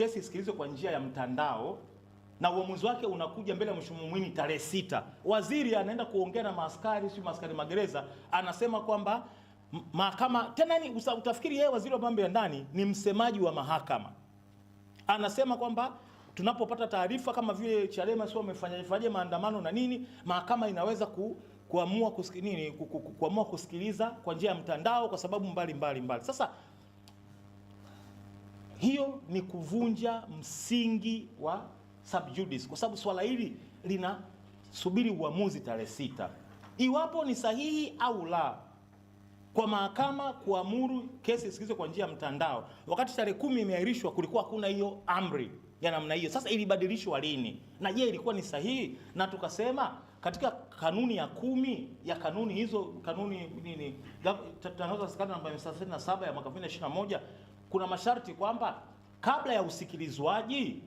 kesi isikilizwe kwa njia ya mtandao na uamuzi wake unakuja mbele ya mheshimiwa Mwinyi tarehe sita. Waziri anaenda kuongea na maaskari, si maaskari magereza, anasema kwamba mahakama tena ni utafikiri yeye waziri wa mambo ya ndani ni msemaji wa mahakama, anasema kwamba tunapopata taarifa kama vile Chadema sio wamefanyaje maandamano na nini, mahakama inaweza ku, kuamua kusikiliza, nini, kuamua kusikiliza kwa njia ya mtandao kwa sababu mbali mbali. Sasa hiyo ni kuvunja msingi wa sub judice, kwa sababu swala hili linasubiri uamuzi tarehe sita iwapo ni sahihi au la kwa mahakama kuamuru kesi isikilizwe kwa njia ya mtandao. Wakati tarehe kumi imeahirishwa, kulikuwa hakuna hiyo amri ya namna hiyo. Sasa ilibadilishwa lini, na je ilikuwa ni sahihi? Na tukasema katika kanuni ya kumi ya kanuni hizo kanuni nini, tangazo la serikali namba 37 ya mwaka 2021 kuna masharti kwamba kabla ya usikilizwaji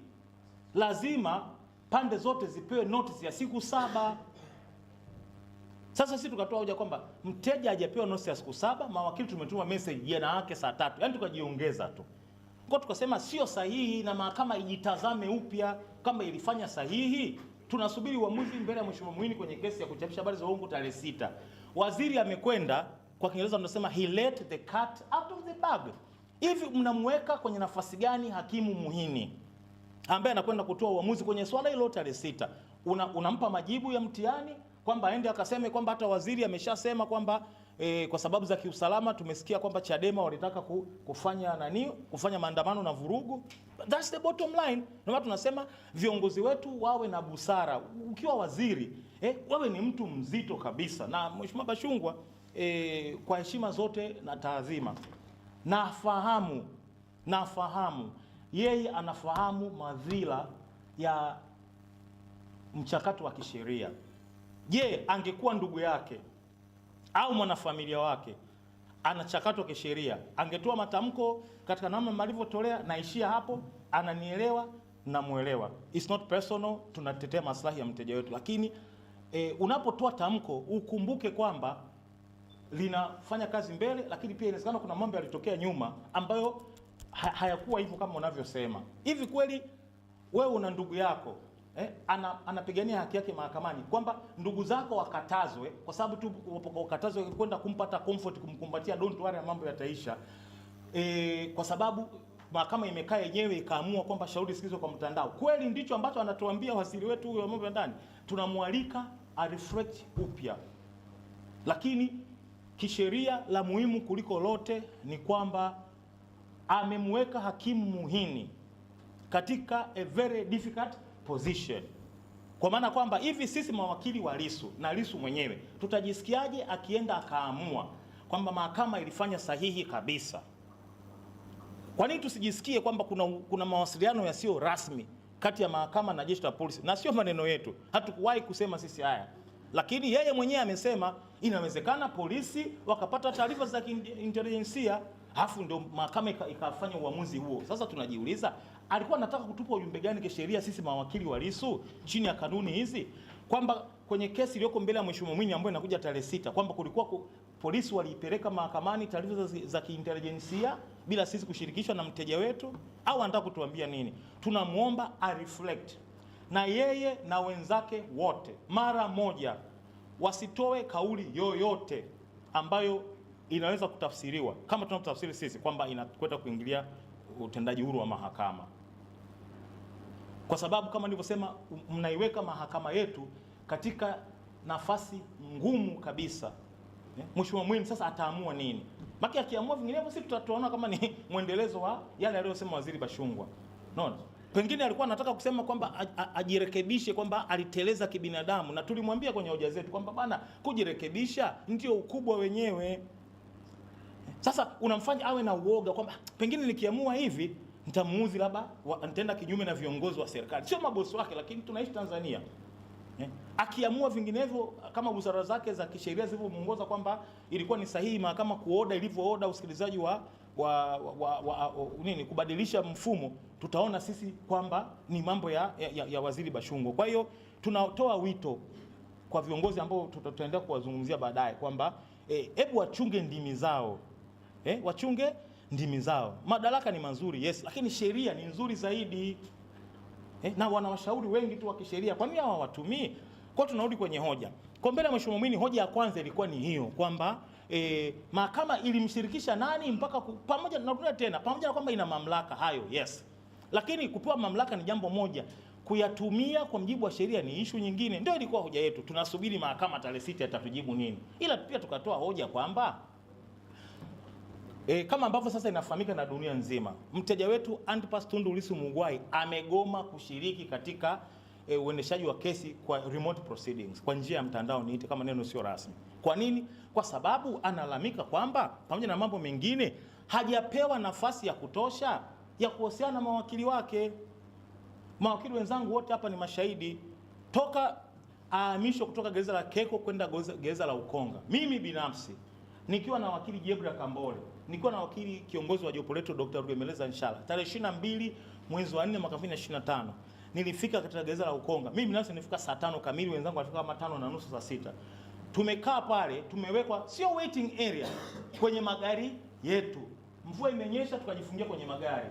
lazima pande zote zipewe notice ya siku saba. Sasa sisi tukatoa hoja kwamba mteja hajapewa notice ya siku saba, mawakili tumetuma message jana yake saa tatu, yaani tukajiongeza tu kwa tukasema sio sahihi, na mahakama ijitazame upya kama ilifanya sahihi. Tunasubiri uamuzi mbele ya mheshimiwa Mwini kwenye kesi ya kuchapisha habari za uongo tarehe sita. Waziri amekwenda, kwa Kiingereza tunasema he let the cat out of the bag. Hivi mnamweka kwenye nafasi gani hakimu Muhini ambaye anakwenda kutoa uamuzi kwenye swala hilo tarehe sita? Una, unampa majibu ya mtihani kwamba aende akaseme kwamba hata waziri ameshasema kwamba e, kwa sababu za kiusalama tumesikia kwamba Chadema walitaka ku, kufanya nani, kufanya maandamano na vurugu. That's the bottom line. Ndio tunasema viongozi wetu wawe na busara. Ukiwa waziri eh, wewe ni mtu mzito kabisa, na Mheshimiwa Bashungwa eh, kwa heshima zote na taadhima nafahamu nafahamu, yeye anafahamu madhila ya mchakato wa kisheria. Je, angekuwa ndugu yake au mwanafamilia wake anachakatwa kisheria, angetoa matamko katika namna malivyotolea, naishia hapo, ananielewa, namwelewa, it's not personal, tunatetea maslahi ya mteja wetu. Lakini e, unapotoa tamko ukumbuke kwamba linafanya kazi mbele, lakini pia inawezekana kuna mambo yalitokea nyuma ambayo ha hayakuwa hivyo kama unavyosema. Hivi kweli wewe una ndugu yako eh, ana, anapigania haki yake mahakamani kwamba ndugu zako wakatazwe kwa sababu tu wakatazwe kwenda kumpata comfort, kumkumbatia don't worry, mambo yataisha e, kwa sababu mahakama imekaa yenyewe ikaamua kwamba shauri sikizwe kwa mtandao. Kweli ndicho ambacho anatuambia waziri wetu huyo wa mambo ya ndani. Tunamwalika a reflect upya, lakini kisheria la muhimu kuliko lote ni kwamba amemweka hakimu muhini katika a very difficult position, kwa maana kwamba hivi sisi mawakili wa Lissu na Lissu mwenyewe tutajisikiaje akienda akaamua kwamba mahakama ilifanya sahihi kabisa? Kwa nini tusijisikie kwamba kuna, kuna mawasiliano yasiyo rasmi kati ya mahakama na jeshi la polisi? Na sio maneno yetu, hatukuwahi kusema sisi haya lakini yeye mwenyewe amesema inawezekana polisi wakapata taarifa za kiintelijensia Alafu ndio mahakama ikafanya uamuzi huo. Sasa tunajiuliza alikuwa anataka kutupa ujumbe gani kisheria, sisi mawakili wa Lissu chini ya kanuni hizi, kwamba kwenye kesi iliyoko mbele ya mheshimiwa Mwinyi ambayo inakuja tarehe sita kwamba kulikuwa ku, polisi waliipeleka mahakamani taarifa za, za kiintelijensia bila sisi kushirikishwa na mteja wetu, au anataka kutuambia nini? Tunamwomba a reflect na yeye na wenzake wote mara moja wasitoe kauli yoyote ambayo inaweza kutafsiriwa kama tunavyotafsiri sisi kwamba inakwenda kuingilia utendaji huru wa mahakama, kwa sababu kama nilivyosema, mnaiweka mahakama yetu katika nafasi ngumu kabisa. Eh, Mheshimiwa Mwinyi sasa ataamua nini? Maki akiamua vinginevyo, sisi tutaona kama ni mwendelezo wa yale aliyosema Waziri Bashungwa Unaona? Pengine alikuwa anataka kusema kwamba ajirekebishe kwamba aliteleza kibinadamu, na tulimwambia kwenye hoja zetu kwamba bana, kujirekebisha ndio ukubwa wenyewe. Sasa unamfanya awe na uoga kwamba ah, pengine nikiamua hivi nitamuudhi, labda nitaenda kinyume na viongozi wa serikali, sio mabosi wake, lakini tunaishi Tanzania eh. Akiamua vinginevyo kama busara zake za kisheria zilivyomuongoza kwamba ilikuwa ni sahihi mahakama kuoda ilivyooda usikilizaji wa wa, wa, wa, wa, nini kubadilisha mfumo, tutaona sisi kwamba ni mambo ya, ya, ya Waziri Bashungwa. Kwa hiyo tunatoa wito kwa viongozi ambao tutaendelea kuwazungumzia baadaye kwamba eh, hebu wachunge ndimi zao eh, wachunge ndimi zao. Madaraka ni mazuri yes, lakini sheria ni nzuri zaidi eh, na wanawashauri wengi tu wa kisheria, kwa nini hawawatumii? Kwa tunarudi kwenye hoja kwa mbele ya Mheshimiwa Mwini, hoja ya kwanza ilikuwa ni hiyo kwamba e, mahakama ilimshirikisha nani mpaka ku, pamoja narudia tena, pamoja na kwamba ina mamlaka hayo yes, lakini kupewa mamlaka ni jambo moja, kuyatumia kwa mjibu wa sheria ni ishu nyingine. Ndio ilikuwa hoja yetu, tunasubiri mahakama tarehe sita atatujibu nini, ila pia tukatoa hoja kwamba E, kama ambavyo sasa inafahamika na dunia nzima, mteja wetu Antipas Tundu Lissu Mugwai amegoma kushiriki katika e, uendeshaji wa kesi kwa remote proceedings, kwa njia ya mtandao, niite kama neno sio rasmi. Kwa nini? Kwa sababu analalamika kwamba pamoja na mambo mengine hajapewa nafasi ya kutosha ya kuhusiana na mawakili wake. Mawakili wenzangu wote hapa ni mashahidi, toka ahamishwa kutoka gereza la Keko kwenda gereza la Ukonga, mimi binafsi nikiwa na wakili Jebra Kambole, nikiwa na wakili kiongozi wa jopo letu Dr. Rugemeleza Nshala, tarehe 22 mwezi wa 4 mwaka 2025 nilifika katika gereza la Ukonga. Mimi binafsi nilifika saa tano kamili, wenzangu walifika kama tano na nusu, saa sita tumekaa pale, tumewekwa sio waiting area kwenye magari yetu. Mvua imenyesha, tukajifungia kwenye magari.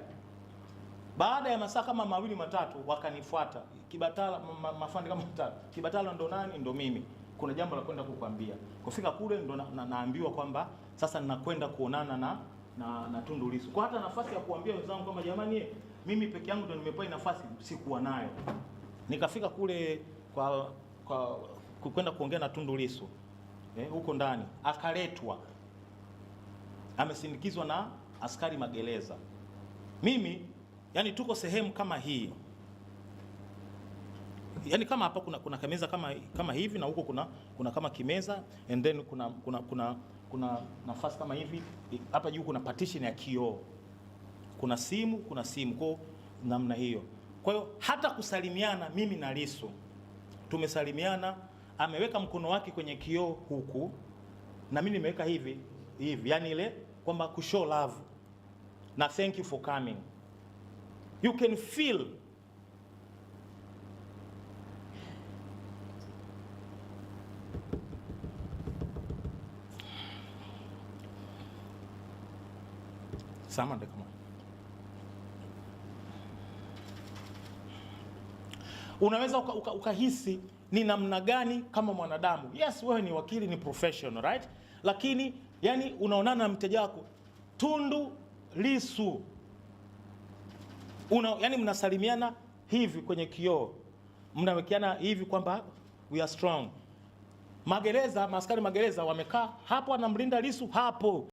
Baada ya masaa kama mawili matatu, wakanifuata Kibatala, mafundi kama matatu. Kibatala ndo nani? Ndo mimi, kuna jambo la kwenda kukwambia. Kufika kule ndo na, na, naambiwa kwamba sasa ninakwenda kuonana na na, na Tundu Lissu. Kwa hata nafasi ya kuambia wenzangu kwamba jamani, mimi peke yangu ndo nimepewa nafasi, sikuwa nayo. Nikafika kule kwa kwa kwenda kuongea na Tundu Lissu eh, huko eh, ndani akaletwa, amesindikizwa na askari magereza. Mimi yani tuko sehemu kama hii yani kama hapa kuna, kuna kameza kama, kama hivi na huko kuna, kuna kama kimeza and then kuna, kuna, kuna, kuna nafasi kama hivi hapa juu kuna partition ya kioo, kuna simu kuna simu kwa namna hiyo. Kwa hiyo hata kusalimiana mimi na Lissu tumesalimiana ameweka mkono wake kwenye kioo huku na mimi nimeweka hivi hivi, yani ile kwamba ku show love na thank you for coming. You can feel Samahani kama unaweza ukahisi uka, uka ni namna gani kama mwanadamu. Yes, wewe ni wakili, ni professional right, lakini yani unaonana na mteja wako Tundu lisu una, yani mnasalimiana hivi kwenye kioo, mnawekeana hivi kwamba we are strong. Magereza, maaskari magereza wamekaa hapo, anamlinda Lisu hapo.